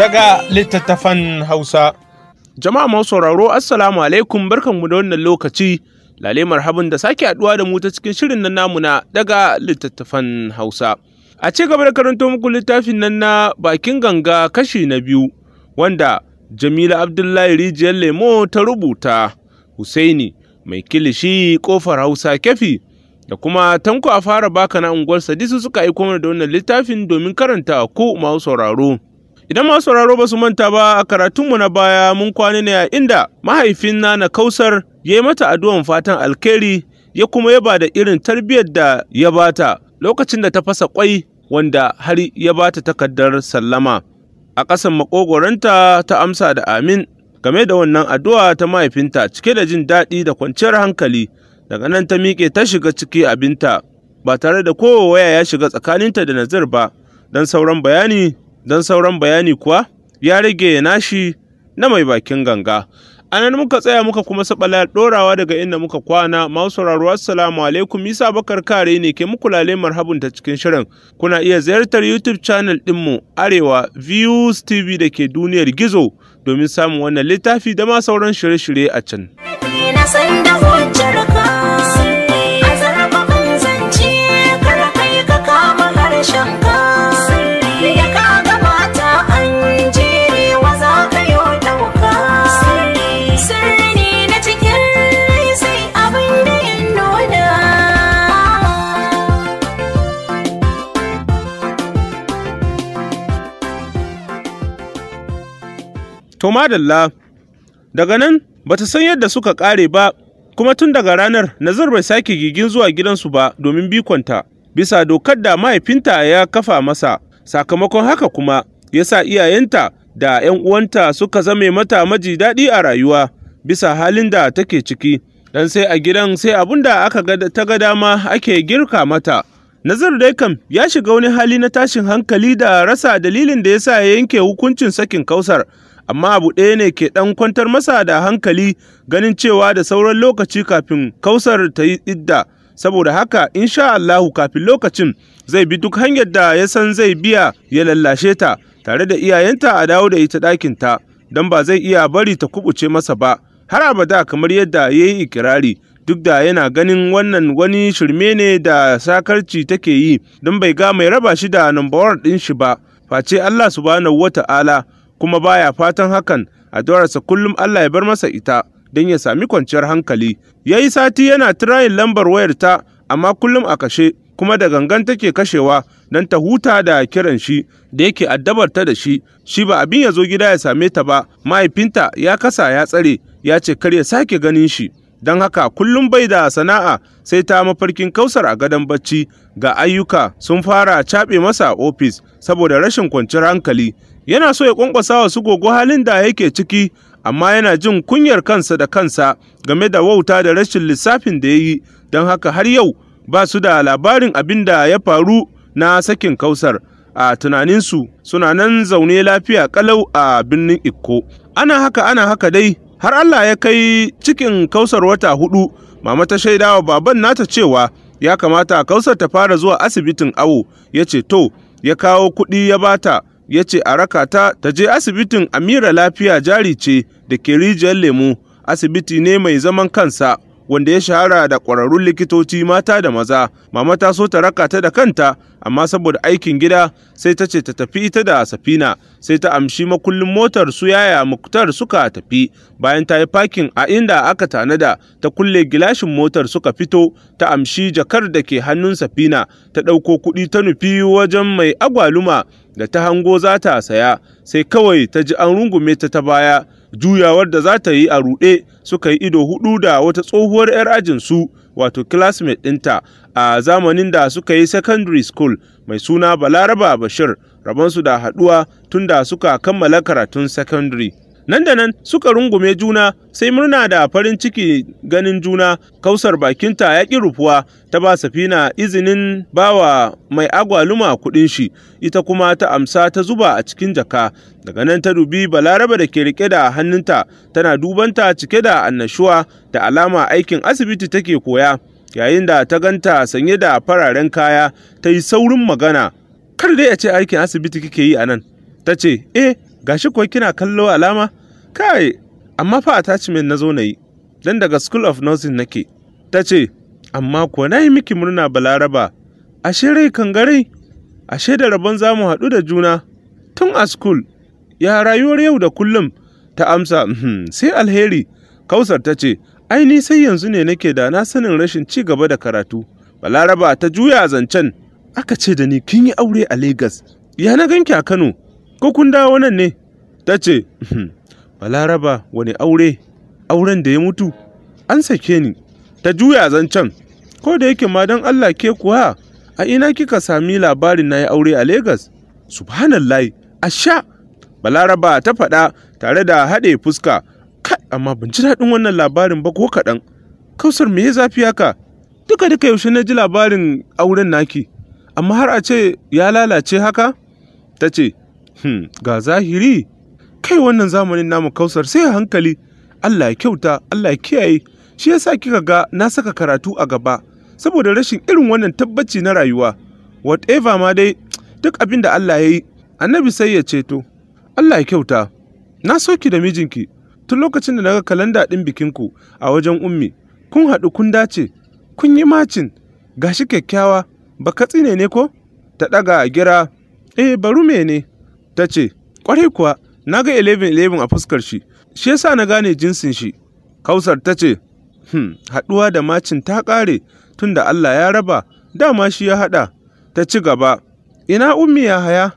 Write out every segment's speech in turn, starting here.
daga littattafan Hausa. Jama'a masu sauraro Assalamu alaikum barkanmu da wannan lokaci. Lale marhaban da sake haɗuwa da mu ta cikin shirin nan namu na daga littattafan Hausa. A ci gaba da karanto muku littafin nan na bakin ganga kashi na biyu wanda Jamila Abdullahi Rijiyar Lemo ta rubuta Husaini mai kilishi kofar Hausa kefi da kuma tanko a fara baka na unguwar Sadisu suka aiko mana da wannan littafin domin karanta ko masu sauraro. Idan masu sauraro ba su manta ba a karatunmu na baya mun kwana ne a inda mahaifin na Kausar ya yi mata addu'an fatan alkhairi ya kuma ya ba da irin tarbiyyar da ya bata lokacin da ta fasa kwai wanda har ya bata takardar sallama. A ƙasan makogoranta ta amsa da amin game da wannan addu'a ta mahaifinta cike da jin daɗi da kwanciyar hankali daga nan ta miƙe ta shiga ciki abinta ba tare da kowa waya ya shiga tsakaninta da Nazir ba don sauran bayani don sauran bayani kuwa ya rage nashi na mai bakin ganga a nan muka tsaya muka kuma saɓala ɗorawa daga inda muka kwana masu sauraro assalamu alaikum isa bakar kare ne ke muku lale marhabun ta cikin shirin kuna iya ziyartar youtube channel ɗinmu arewa views tv da ke duniyar gizo domin samun wannan littafi da ma sauran shirye-shirye a can. To dalla daga nan ba ta san yadda suka ƙare ba, kuma tun daga ranar Nazar bai sake gigin zuwa gidansu ba domin bikonta, bisa dokar da mahaifinta ya kafa masa, sakamakon haka kuma ya sa iyayenta da 'yan uwanta suka zame mata maji daɗi a rayuwa, bisa halin da take ciki. Dan sai a gidan sai abun da aka ta ga dama ake girka mata. Nazar dai kam ya shiga wani hali na tashin hankali da rasa dalilin da ya sa ya yanke hukuncin sakin kausar. amma abu ɗaya ne ke ɗan kwantar masa da hankali ganin cewa da sauran lokaci kafin kausar ta yi idda saboda haka insha Allahu kafin lokacin zai bi duk hanyar da ya san zai biya ya lallashe ta tare da iyayenta a dawo da ita ɗakin ta don ba zai iya bari ta kubuce masa ba har abada kamar yadda ya yi ikirari duk da yana ganin wannan wani shirme ne da sakarci take yi don bai ga mai raba shi da nambawar ɗin shi ba face Allah subhanahu wata'ala kuma baya fatan hakan a addu'arsa kullum Allah ya bar masa ita don ya sami kwanciyar hankali ya yi sati yana tirayin lambar wayar ta amma kullum a kashe kuma da gangan take kashewa don ta huta da kiran shi da yake addabarta da shi shi ba abin ya zo gida ya same ta ba mahaifinta ya kasa ya tsare ya ce kar ya sake ganin shi don haka kullum bai da sana'a sai ta mafarkin kausar a gadon bacci ga ayyuka sun fara caɓe masa ofis saboda rashin kwanciyar hankali yana so ya kwankwasa wa su gogo halin da yake ciki amma yana jin kunyar kansa da kansa game da wauta da rashin lissafin da ya yi don haka har yau ba su da labarin abin da ya faru na sakin kausar a tunaninsu suna nan zaune lafiya ƙalau a birnin ikko ana haka ana haka dai har Allah ya kai cikin kausar wata hudu mama ta shaidawa baban nata cewa ya kamata kausar ta fara zuwa asibitin awo ya ce to ya kawo kuɗi ya bata ya ce a raka ta ta je asibitin amira lafiya jari ce da ke rijiyar lemu asibiti ne mai zaman kansa wanda ya shahara da ƙwararrun likitoci mata da maza mama ta so ta raka ta da kanta amma saboda aikin gida sai ta ce ta tafi ita da safina sai ta amshi makullin motar su yaya muktar suka tafi bayan ta yi fakin a inda aka tanada ta kulle gilashin motar suka fito ta amshi jakar da ke hannun safina ta ɗauko kuɗi ta nufi wajen mai agwaluma da ta hango za ta saya sai kawai ta ji an rungume ta ta baya juyawar da za ta yi a ruɗe suka yi ido hudu da wata tsohuwar 'yar ajinsu wato classmate ɗinta a zamanin da suka yi secondary school mai suna balaraba bashir rabonsu da haɗuwa tun da suka kammala karatun secondary nan da nan suka rungume juna sai murna da farin ciki ganin juna kausar bakinta ya ƙi rufuwa ta ba safina izinin bawa mai agwaluma kuɗin shi ita kuma ta amsa ta zuba a cikin jaka daga nan ta dubi balaraba da ke rike da hannunta tana dubanta cike da annashuwa da alama aikin asibiti take koya yayin da ta ganta sanye da fararen kaya ta yi saurin magana kar dai a ce aikin asibiti kike yi a nan ta ce eh gashi kuwa kina kallo alama kai amma fa attachment na zo na yi dan daga school of nursing nake ta ce amma kuwa na yi miki murna balaraba ashe rai kangarai ashe da rabon za mu haɗu da juna tun a school ya rayuwar yau da kullum ta amsa uhm, sai alheri kausar ta ce ai ni sai yanzu ne nake da na sanin rashin ci gaba da karatu balaraba ta juya zancen aka ce da ni kin yi aure a lagos ya na ganki a kano ko kun dawo nan ne ta ce hmm, balaraba wani aure auren da ya mutu an sake ni ta juya zancen ko da yake ma don allah ke kuwa a ina kika sami labarin na yi aure a Legas? Subhanallah, asha! Balaraba ta faɗa tare da haɗe fuska, kai amma ban ji daɗin wannan labarin ba ko kaɗan. Kausar me ya zafi haka? Duka duka yaushe na ji labarin auren naki, amma har a ce ya lalace haka? Ta ce, hmm, ga zahiri kai wannan zamanin namu kausar sai a hankali Allah ya kyauta Allah ya kiyaye shi ya sa kika ga na saka karatu a gaba saboda rashin irin wannan tabbaci na rayuwa whatever ma dai duk abin da Allah ya yi annabi sai ya ceto Allah ya kyauta na soki da mijinki tun lokacin da naga kalanda ɗin bikinku a wajen ummi kun haɗu kun dace kun yi macin gashi kyakkyawa ba ne ko ta ɗaga a gira eh baru ne ta ce, Ƙwarai kuwa, na ga 11-11 a fuskar shi, shi yasa na gane jinsin shi. Kausar ta ce, Hmm, haɗuwa da macin ta ƙare tun da Allah ya raba, dama shi ya haɗa. Ta ci gaba, ina ummi ya haya?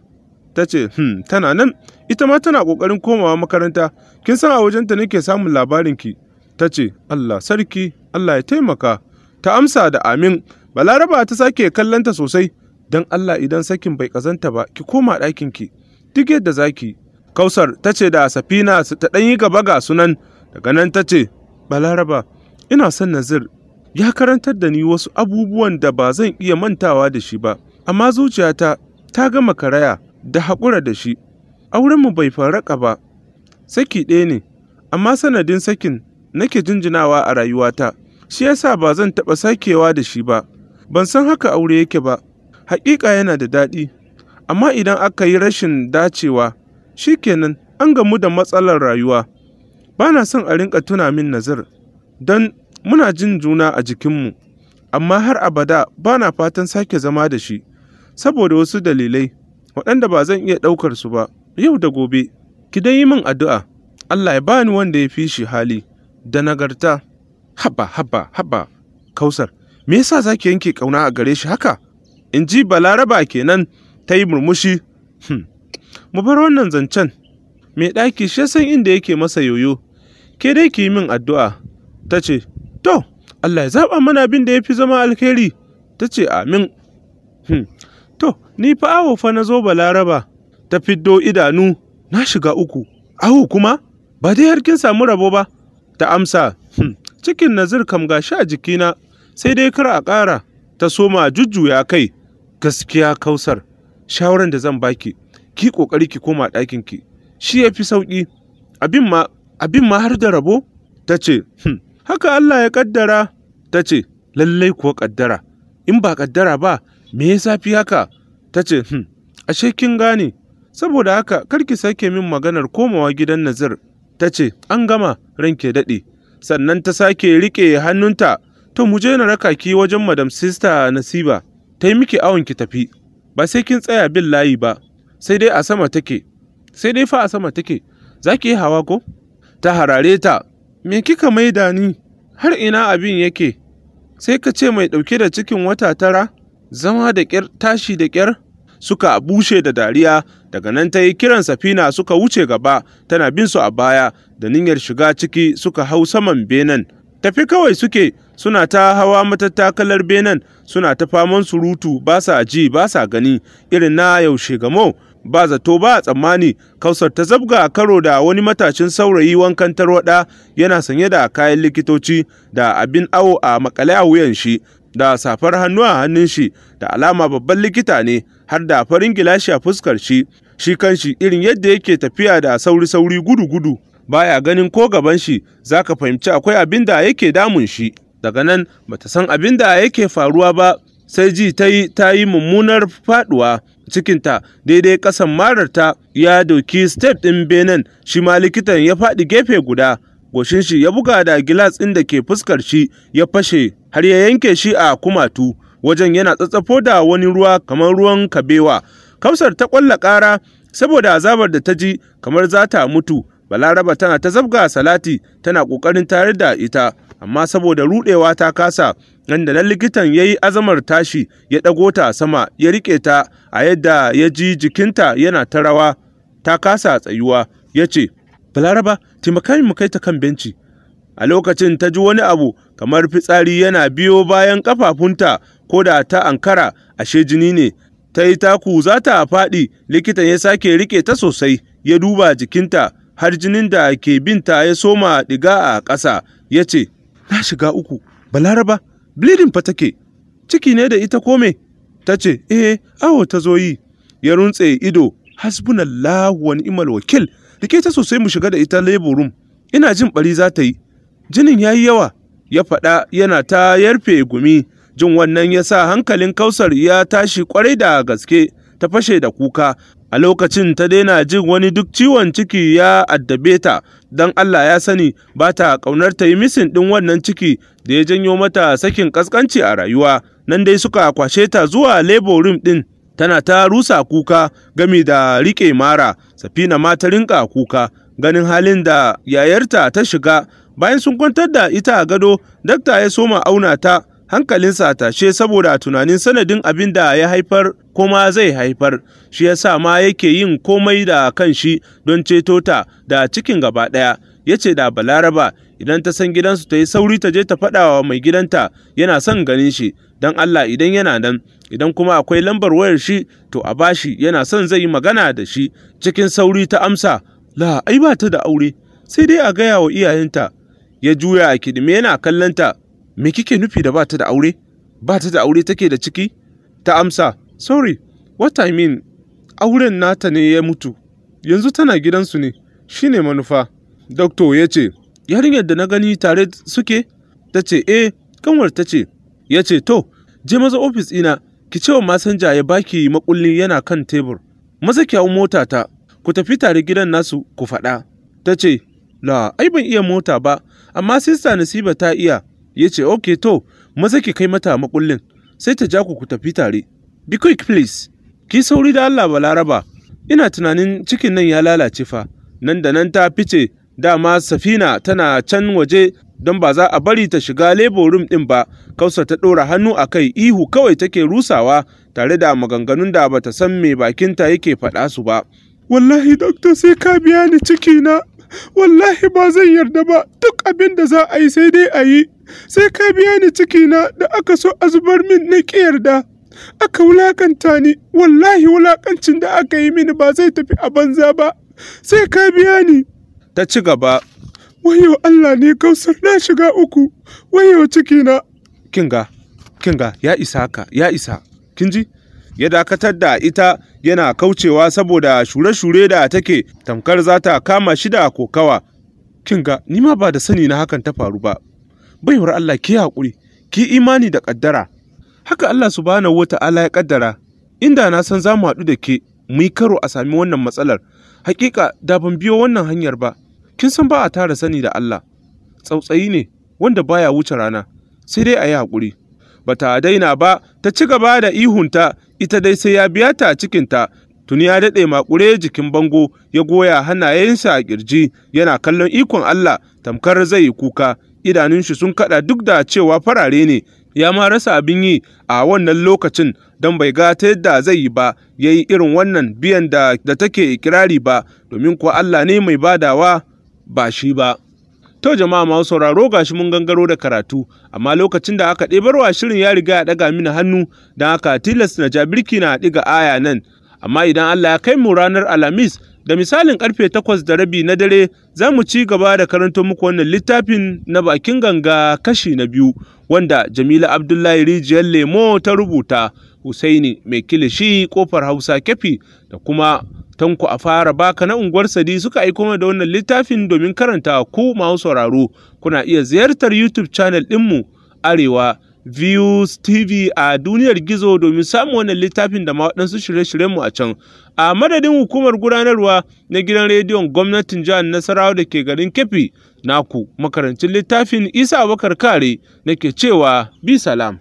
Ta ce, Hmm, tana nan, ita ma tana ƙoƙarin komawa makaranta, kin san a wajenta nake samun labarinki. Ta ce, Allah sarki, Allah ya taimaka. Ta amsa da amin, Balaraba ta sake kallonta sosai, don Allah idan sakin bai ƙazanta ba, ki koma ɗakinki. ki. duk yadda zaki kausar ta ce da safina su ta ɗanyi gaba ga sunan daga nan ta ce balaraba ina son nazir ya karantar da ni wasu abubuwan da ba zan iya mantawa da shi ba amma zuciyata ta gama karaya da haƙura da shi aurenmu bai faraka ba saki ɗaya ne amma sanadin sakin nake jinjinawa a rayuwata shi yasa ba zan taɓa sakewa da shi ba ban san haka aure yake ba haƙiƙa yana da daɗi Amma idan aka yi rashin dacewa, shi kenan an gamu da matsalar rayuwa. Ba na son a rinka tuna min nazar. don muna jin juna a jikinmu, amma har abada ba na fatan sake zama da shi, saboda wasu dalilai, waɗanda ba zan iya ɗaukar su ba, yau da gobe. Ki dai yi min addu'a, Allah ya bani wanda ya fi shi hali, da nagarta. Haba, haba, haba, Kausar, me yasa za ki yanke ƙauna a gare shi haka? In ji Balaraba kenan. ta yi murmushi hmm, mu bar wannan zancen mai ɗaki shi san inda yake masa yoyo ke dai ki yi min addu'a ta ce to allah ya zaɓa mana abin da ya fi zama alheri ta ce amin hmm, to ni fa awo fa na zo balaraba ta fiddo idanu na shiga uku awo kuma ba dai har kin samu rabo ba ta amsa hmm, cikin nazir kam gashi a jikina sai dai kar a ƙara ta soma jujjuya kai gaskiya kausar shawaran da zan baki ki kokari ki koma ɗakin ki shi ya fi sauƙi abin ma abin ma har da rabo ta ce hmm, haka Allah ya kaddara ta ce lallai kuwa kaddara in ba kaddara ba me ya safi haka ta ce hmm, ashe kin gane saboda haka karki sake min maganar komawa gidan nazir ta ce an gama ranke daɗe sannan ta sake riƙe hannunta to mu je na raka ki wajen madam sister nasiba ta yi miki awon ki tafi ba sai kin tsaya bin layi ba sai dai a sama take sai dai fa a sama take za ki yi hawa ko ta harare ta me kika maida ni har ina abin yake sai ka ce mai ɗauke da cikin wata tara zama da ƙyar tashi da ƙyar suka bushe da dariya daga nan ta yi kiran safina suka wuce gaba tana bin su a baya da niyyar shiga ciki suka hau saman benen tafi kawai suke suna ta hawa matattakalar benin suna ta faman surutu ba sa ji ba sa gani irin na yaushe gamo ba zato ba tsammani kausar ta zabga a karo da wani matashin saurayi wankan tarwada yana sanye da kayan likitoci da abin awo a makale a wuyan shi da safar hannu a hannun shi da alama babban likita ne har da farin gilashi a fuskar shi shi kanshi irin yadda yake tafiya da sauri-sauri gudu-gudu baya ganin ko gaban shi za ka fahimci akwai abin da yake damun shi daga nan bata san abin da yake faruwa ba sai ji ta yi ta yi mummunar faduwa cikinta daidai ƙasan mararta ya doki step ɗin benen. shi ma likitan ya faɗi gefe guda goshin shi ya buga da gilas ɗin da ke fuskar shi ya fashe har ya yanke shi a kumatu wajen yana tsatsafo da wani ruwa kamar ruwan kabewa kamsar ta ƙwalla ƙara saboda azabar da ta ji kamar za ta mutu balaraba tana ta zabga salati tana ƙoƙarin tayar da ita amma saboda ruɗewa ta kasa inda nan likitan ya yi azamar tashi ya ɗago ta sama ya riƙe ta a yadda ya ji jikinta yana ta rawa ta kasa tsayuwa ya ce balaraba taimaka mu kai ta kan benci a lokacin ta ji wani abu kamar fitsari yana biyo bayan ƙafafunta ko da ta ankara ashe jini ne ta yi taku za ta faɗi likitan ya sake riƙe ta sosai ya duba jikinta har jinin da ke binta ya soma diga a ƙasa ya ce, Na shiga uku, balaraba, bleeding fa take, ciki ne da ita kome? Ta ce, Eh, awo ta zo yi, ya runtse ido, hasbunallahu wani imal wakil, rike ta sosai mu shiga da ita labor ina jin ɓari za ta yi. Jinin ya yi yawa, ya faɗa yana ta yarfe gumi, jin wannan ya sa hankalin kausar ya tashi kwarai da gaske, ta fashe da kuka, a lokacin ta daina jin wani duk ciwon ciki ya addabe ta don Allah ya sani ba ta ƙaunar ta yi misin ɗin wannan ciki da ya janyo mata sakin ƙasƙanci a rayuwa nan dai suka kwashe ta zuwa labor room ɗin tana ta rusa kuka gami da riƙe mara safina ma ta rinƙa kuka ganin halin da yayarta ta shiga bayan sun kwantar da ita a gado dakta ya soma auna ta hankalinsa a tashe saboda a tunanin sanadin abin da ya haifar kuma zai haifar shi yasa ma yake yin komai da kan shi don ceto ta da cikin gaba ɗaya ya ce da balaraba idan ta san gidansu ta yi sauri ta je ta faɗa wa mai gidanta yana son ganin shi don allah idan yana nan idan kuma akwai lambar wayar shi to a bashi yana son zai yi magana da shi cikin sauri ta amsa la ai ba ta da aure sai dai a gaya wa iyayenta ya juya a kidime yana kallonta me kike nufi da ba ta da aure ba ta da aure take da ciki ta amsa sorry what i mean auren nata ne ya mutu yanzu tana gidansu ne shine manufa doctor ya ce yarinyar da na gani tare suke ta ce eh kanwar ta ce ya ce to je maza ofis ina ki ce wa masanja ya baki makulli yana kan tebur maza ki mota ta ku tafi tare gidan nasu ku faɗa ta ce la ai ban iya mota ba amma sista nasiba ta iya ya ce ok to maza ki kai mata makullin sai ta ja ku ku tafi tare be quick please ki sauri da Allah laraba, ina tunanin cikin nan ya lalace fa nan da nan ta fice dama safina tana can waje don ba za a bari ta shiga labor room ɗin ba kausa ta ɗora hannu a kai ihu kawai take rusawa tare da maganganun da bata san me bakinta yake faɗa su ba wallahi doctor sai ka biya ni cikina wallahi ba zan yarda ba duk abin da za a yi sai dai a yi sai ka biya ni cikina da aka so a zubar min na ƙi yarda aka wulakanta ni wallahi wulakancin da aka yi mini ba zai tafi a banza ba sai ka biya ni ta ci gaba wayo Allah ne kausar na shiga uku wayo cikina kinga kinga ya isa ka ya isa kin ji ya dakatar da ita yana kaucewa saboda shure-shure da take tamkar za ta kama shi da kokawa kinga ni ma ba da sani na hakan ta faru ba baiwar Allah ki haƙuri ki imani da ƙaddara haka Allah su subhanahu wata'ala ya ƙaddara inda na san za mu haɗu da ke mu yi karo a sami wannan matsalar hakika da ban biyo wannan hanyar ba kin san ba a tara sani da Allah tsautsayi ne wanda baya wuce rana sai dai a yi haƙuri ba ta daina ba ta ci gaba da ihunta ita dai sai ya biya ta cikinta tuni ya daɗe makure jikin bango ya goya hannayensa a ƙirji yana kallon ikon Allah tamkar zai yi kuka idanun shi sun kaɗa duk da cewa farare ne ya ma rasa abin yi a wannan lokacin don bai ga ta yadda zai yi ba ya yi irin wannan biyan da take ikirari ba domin kuwa Allah ne mai badawa ba shi ba. To jama'a masu sauraro gashi mun gangaro da karatu, amma lokacin da aka ɗebarwa shirin ya riga ya ɗaga mini hannu don aka tilas na jabirki na ɗiga aya nan. Amma idan Allah ya kai mu ranar Alhamis da misalin karfe takwas da rabi na dare za mu ci gaba da karanto muku wannan littafin na bakin ganga kashi na biyu wanda Jamila Abdullahi Rijiyar Lemo ta rubuta. Husaini mai kilishi kofar Hausa Kefi da kuma Tanko a fara baka na unguwar Sadi suka aiko mana da wannan littafin domin karanta ku masu sauraro kuna iya ziyartar YouTube channel ɗinmu Arewa Views TV a duniyar gizo domin samun wannan littafin da ma waɗansu shirye shiryen mu a can. A madadin hukumar gudanarwa na gidan rediyon gwamnatin jihar Nasarawa da ke garin Kefi, naku makarancin littafin Isa Abubakar Kare nake cewa bi salam.